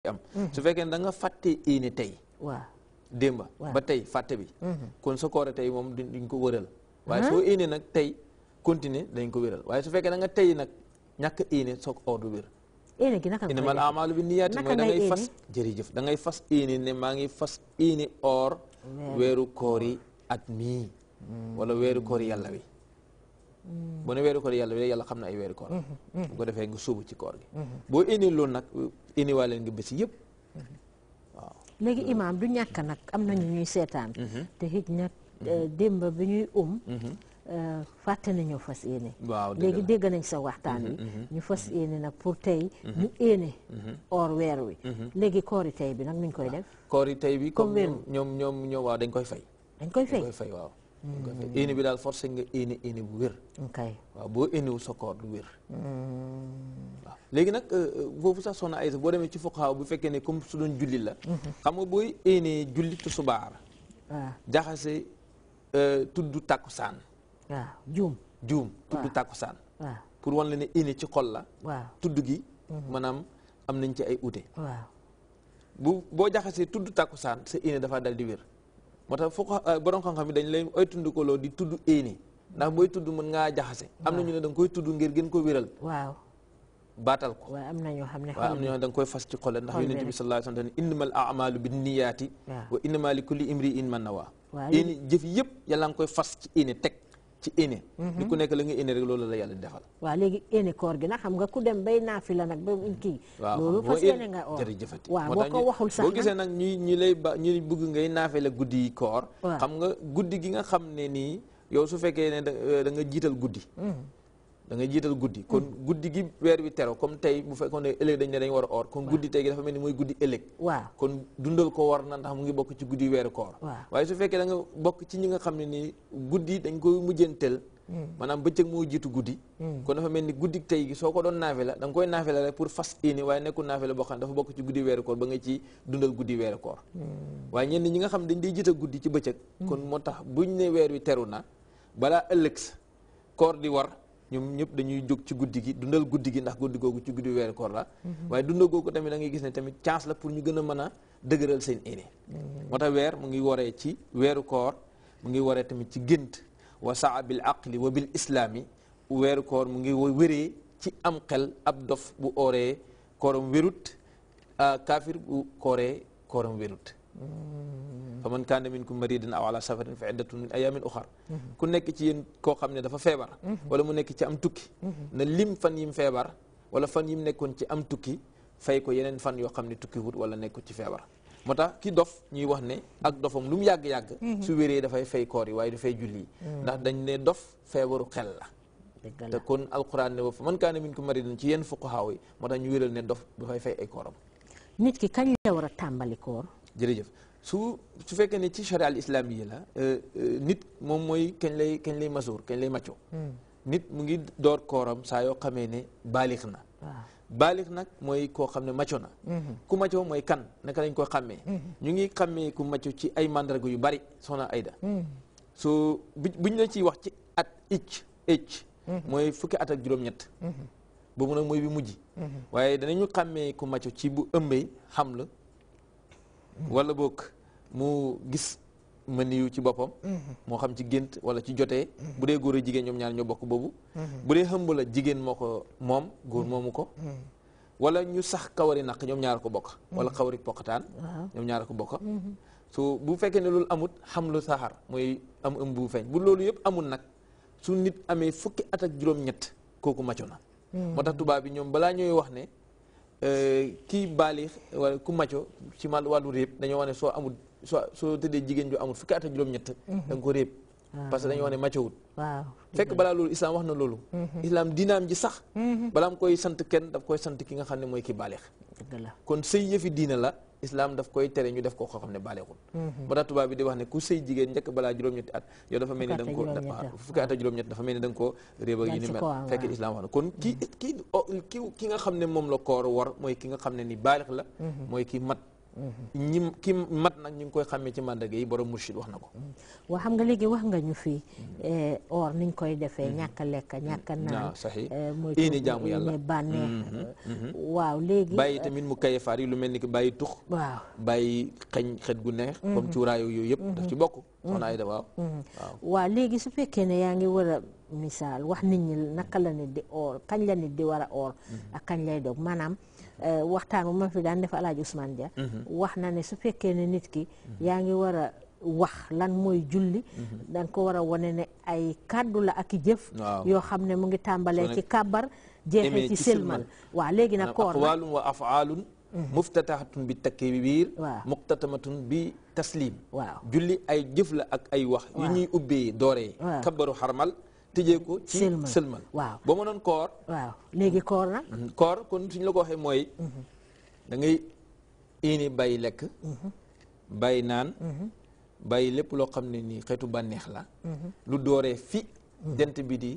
Mm-hmm. su fekkee ne da fàtte yéene tey waaw démba ba tey fàtte bi mm-hmm. kon sa koor tey moom duñ ko wëral mm-hmm. waaye soo yéene nag tey continuer dañ ko wëral waaye su fekkee da nga tey nag ñàkk yéene soog or du wér yéene gi naka innamal a'maalu binniyaati da ngay fas jërëjëf da ngay fas yéene ne maa ngi fas yéene or weeru koor yi at mii mm. wala weeru koor yi yàlla wi Mm-hmm. bu ne weeru koor yàlla bi yàlla xam na ay weeru koor mm-hmm. bu ko defee nga suubu ci koor gi mm-hmm. boo indi loolu nag indi waa leen nga bési yëpp waaw léegi imaam du ñàkk nag am nañu ñuy seetaan te xëj na eh, démb bi ñuy um eh, fàtte nañu fas yéene waaw sa waxtaan bi ñu fas yéene nag pour tey ñu yéene or weer wi léegi koori tey bi nag nuñ koy def koori tey bi comme ñoom ñoom ñoom waaw dañ koy fay dañ koy fay waaw éni hmm. bi daal forcé nga éni éni bu wér. waaw boo éniwu sa koor du wér. Hmm. léegi nag euh, euh, foofu sax soxna Aysa boo demee ci fuqaaw bu fekkee ne comme su doon julli la. Hmm. xam nga booy énee julli tisbaar. Ah. jaxase euh, tudd takkusaan. saan ah. juum juum tudd ah. takkusaan. pour wan la ne éni ci xol la. tudd gi. maanaam am nañ ci ay ute. bu boo jaxasee tudd saan sa éni dafa dal di wér. moo tax foog eh, borom xam-xam yi dañ lay oy tundikoloo di tudd éene ndax mooy tudd mën ngaa jaxase am na ñu ne da koy tudd ngir gën ko wéral waaw baatal ko waaw am na ñoo xam ne waaw am na ñoo koy fas ci xol ndax yonent bi sallallahu alayhi wa sallam bi a'malu binniyaati wa innama li kulli imri'in ma nawa éene jëf yëpp yàlla nga koy fas ci éene teg ci ene ni ku nekk la nga ene rek loolu la yàlla defal waa léegi ene koor gi nag xam nga ku dem bay naafi la nag ba kii loolu fas yéene nga oor jërëjëfati waaw boo ko waxul sax boo gisee nag ñuy ñu lay ba ñu bëgg ngay naafe la guddi yi koor xam nga guddi gi nga xam ne nii yow su fekkee ne da nga jiital guddi mm-hmm. danga jiital guddi kon mm. guddi gi weer wi tero comme tey bu fekkoon ne ëllëg dañ ne dañ war a or kon guddi tey gi dafa mel ni mooy guddi ëllëg waaw kon ko war na ndax mu ngi bokk ci guddi weeru koor waaye su fekkee da nga bokk ñi nga xam ne ni guddi dañ koy mujjanteel mm. maanaam bëccëg moo jiitu guddi mm. kon dafa mel ni guddi tey gi soo ko doon naafe la danga koy naafe la rek pour fas ini waaye nekkul naafe la boo xam ne dafa bokk ci guddi weeru koor ba nga ci dundal guddi weeru koor waaye ñenn ñi nga xam dañ day jiital guddi ci bëccëg kon moo tax bu buñ ne weer wi teru na balaa ëllëg koor di war ñoom ñëpp dañuy jóg ci guddi gi dundal guddi gi ndax guddi googu ci guddi weeru koor la mhm. waaye dundal googu tamit da ngay gis ne tamit chance la pour ñu gën a mën a dëgëral seen iné mhm. moo weer mu ngi waree ci weeru koor mu ngi waree tamit ci gént wa saa bil aqli wa bil islaami weeru koor mu ngi wéree ci am xel ab dof bu ooree kooram wérut ah, kaafir bu kooree kooram wérut Mm-hmm. fa man kaana minkum maridan aw ala safarin fa iddatun min ayamin uxar mm-hmm. ku nekk ci yéen koo xam ne dafa feebar mm-hmm. wala mu nekk ci am tukki na lim fan yim feebar wala fan yim nekkoon ci am tukki fay ko yeneen fan yoo xam ne tukki wut wala nekkul ci feebar moo tax ki dof ñuy wax ne ak dofam lu mu yàgg-yàgg su wéree dafay fay koor yi waaye dafay julli ndax dañ ne dof feebaru xel la te kon alquran ne fa man kaana minkum maridan ci yenn fuqahaa yi moo tax ne dof dafay fay ay kooram a tàmbali jërëjëf su su fekkee ne ci charia al islam yi la euh, euh, nit moom mooy kañ lay kañ lay masuur kañ lay macco hmm. nit mu ngi door kooram saa yoo xamee ne baalix na baalix nag mooy koo xam ne macco na hmm. ku macco mooy kan naka lañ ko xàmmee hmm. ñu ngi xàmmee ku macco ci ay mandarga yu bari soxna Aida su buñ la ci wax ci at icc icc mooy fukki at ak juróom-ñett boobu nag mooy bi mujj waaye danañu xàmmee ku macco ci bu ëmbee xam la wala boog mu gis ma niyu ci boppam mhm. moo xam ci gént wala ci jotee mhm. bu dee góor a jigéen ñoom ñaar ñoo bokk boobu mhm. bu dee xëmb la jigéen moo ko moom góor moomu ko wala ñu sax kawari naq ñoom ñaar ko bokk wala kawari pokataan ñoom ñaar ko bokk su bu fekkee ne loolu amut xam lu saxar mooy am ëm bu feeñ bu loolu yëpp amul nag su nit amee fukki at ak juróom-ñett kooku macco na moo tax tubaab bi ñoom balaa ñooy wax ne Euh, kii baalix wala ku macco ci mal wàllu réeb dañoo wax ne soo amul soo soo tëddee jigéen ju amul fukki at ak juróom-ñett mhm. da nga ko réeb parce que dañoo wax ne macco wut waaw fekk balaa loolu islam wax na loolu mhm. islam diinaam ji sax mhm. balaa koy sant kenn daf koy sant ki nga xam ne mooy kii baalix kon sëy yëfi diina la islam daf koy tere ñu def ko koo xam ne baleexul mhm. moo tax tubaab bi di wax ne ku sëy jigéen njëkk balaa juróom-ñetti at yow dafa mel ni da ko fukki at a juróom-ñett dafa mel ni da nga koo ak yi ni mel fekk islam wax na kon ki mhm. ki ki nga xam ne moom la koor war mooy ki nga xam ne ni baleex la mhm. mooy ki mat ñi ki mat nag ñu ngi koy xàmmee ci màndarga yi borom mursid wax na ko. Mm-hmm. waaw xam nga léegi wax nga ñu fii eh, or niñ koy defee mm-hmm. ñàkk lekk ñàkk a naan. Mm-hmm. Eh, mooy yéene jaamu yàlla bànneex. waaw léegi bàyyi eh, tamit mu kayefaar yi lu mel ni que bàyyi tux. waaw bàyyi xeñ xet gu neex. comme cuuraay yooyu yëpp daf ci bokk. soxna Ayda waaw. waaw léegi su fekkee ne yaa ngi war misaal wax nit ñi naka la nit di oor kañ la nit di war a oor mhm. ak kañ lay dog maanaam eh, waxtaan wu ma fi daan def Alaaji Ousmane Dia mhm. wax na ne su fekkee ne nit ki mhm. yaa ngi war a wax lan mooy julli da ko war a wane ne ay kàddu la ak i yoo xam ne mu ngi tàmbalee ci kàbbar jeexee ci sëlmal waaw léegi nag koor aqwaalun wa afaalun muftatahatun bi takbiir waaw bi taslim julli ay jëf la ak ay wax yu ñuy ubbee dooree kabaru xarmal tijjee ko ci sëlmal waaw ba mu doon koor waaw léegi koor nag mm-hmm. koor kon suñ la ko waxee mooy mm-hmm. dangay ngay iini bàyyi lekk mm-hmm. bàyyi naan bàyyi lépp loo xam ne nii xeetu bànneex la lu dooree fi jant bi di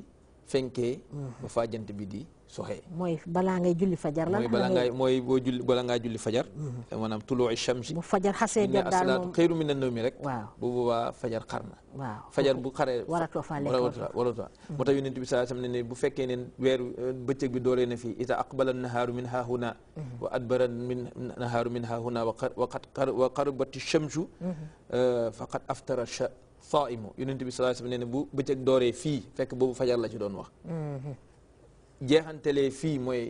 fenkee ba faa jant bi di soxee mooy balaa ngay julli fajar lan mooy balaa ngay mooy boo julli balaa ngaa julli fajar mhm. eh, maanaam tuluu shamsi bu fajar xasee jot daal moom xëyru mi na naw mi rek waaw bu boobaa fajar xar na waaw fajar bu xaree waratoo faa lekk waratoo mm-hmm. moo tax yonent bi saa sam ne ne bu fekkee ne weer eh, bëccëg bi dooree na fii ida aqbala nahaaru min haahuna mm-hmm. wa adbara min nahaaru min haahuna waqad wa qarabati shamsu mm-hmm. eh, faqad aftara saimu yonent bi saa sam ne ne bu bëccëg dooree fii fekk boobu fajar la ci doon wax jeexantelee fii mooy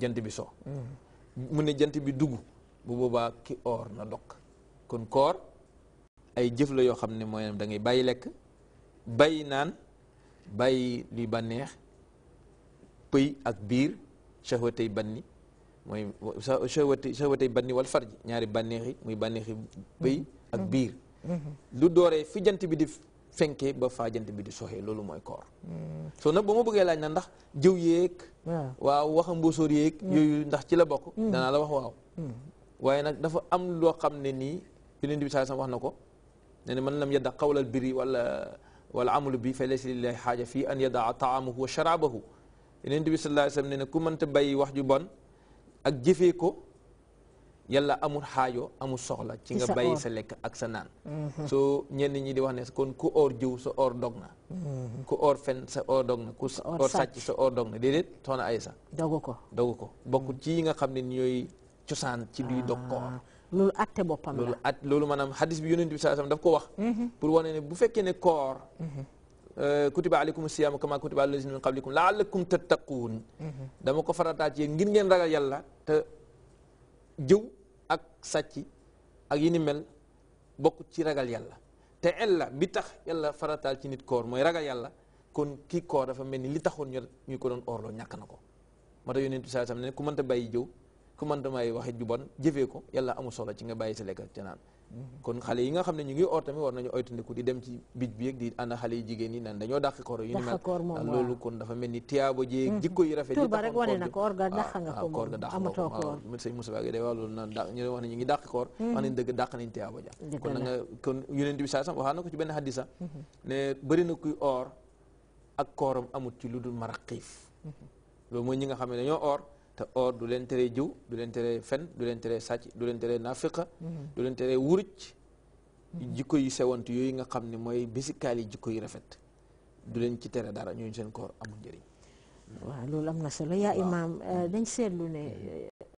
jant bi so mm-hmm. mu ne jant bi dugg bu boobaa ki oor na dog kon koor ay jëf la yoo xam ne mooy da ngay bàyyi lekk bàyyi naan bàyyi luy bànneex pëy ak biir shahwatay banni mooy shahwati shahwatay banni wal farji ñaari bànneexi muy bànneexi pëy mm-hmm. ak biir mm-hmm. lu dooree fi jant bi di fenkee ba faa jant bi di soxee loolu mooy koor soo nag ba ma bëggee laaj na ndax jëw yéeg waaw waxa mbóosóor yéeg mm. yooyu ndax ci la bokk mm. danaa la wax waaw mm. waaye nag dafa am loo xam ne nii yonent bi saa sam wax na ko ne ne man lam yadda qawlal biri wala wala amalu bi fa laysa lillahi xaaja fii an a taamahu wa sharaabahu yonent bi sallallahu alayhi wasallam ne ne ku mënta bàyyi wax ju ak jëfee ko yàlla amul xaajo amul soxla ci nga bàyyi sa lekk ak sa naan mhm. so ñenn ñi di wax ne kon ku oor jiw sa oor mhm. dog na ku oor fen sa oor dog na ku oor sàcc sa oor dog na déedéet soxna Aysa dogu ko dogu ko bokkul mhm. ci yi nga xam ne ñooy cosaan ci luy ah, dog koor loolu atte boppam la loolu at loolu maanaam xadis bi yonent bi saa sam daf ko wax pour wane ne bu fekkee ne koor euh, kutiba aleykum siyaam kama kutiba alal lazina min qablikum laalakum dama ko farataat yéen ngir ngeen ak sàcc ak yi ni mel bokk ci ragal yàlla te en la bi tax yàlla farataal ci nit koor mooy ragal yàlla kon kii koor dafa mel ni li taxoon ñu ñu ko doon oorloo ñàkk na ko moo tax yonent bi sallallahu alayhi wasallam ne ku mënta bàyyi jëw ku mënta may waxit ju bon jëfee ko yàlla amul solo ci nga bàyyi sa lekk ca naan kon xale yi nga xam ne ñu ngi or tamit war nañu oytandiku di dem ci bij bi ak di ànd xale yi jigéen ñi naan dañoo dàq koor hmm. yu ni mel loolu na koor ah, ah, ga dàq nga ko ah, koor ga dàq amatoo koor sëñ Moussa Gueye day wax loolu naan dàq ñu wax ne ñu ngi dàq koor hmm. wax nañ dëgg dàq nañ tiyaabo ja kon na nga kon bi saa sam waxaa na ko ci benn xaddi sax hmm. ne bëri na kuy or ak kooram amut ci lu dul maraqiif loolu mooy ñi nga xam ne dañoo or te or du leen teree jiw du leen teree fen du leen teree sàcc du leen teree nafiqa mhm. du leen teree wuruj mhm. jikko yu sewant yooyu nga xam ne mooy bisikaal yi jikko yu rafet du leen ci tere dara ñooñu seen koor amul njëriñ waaw loolu am na solo yaa imaam dañ euh, seetlu ne mhm.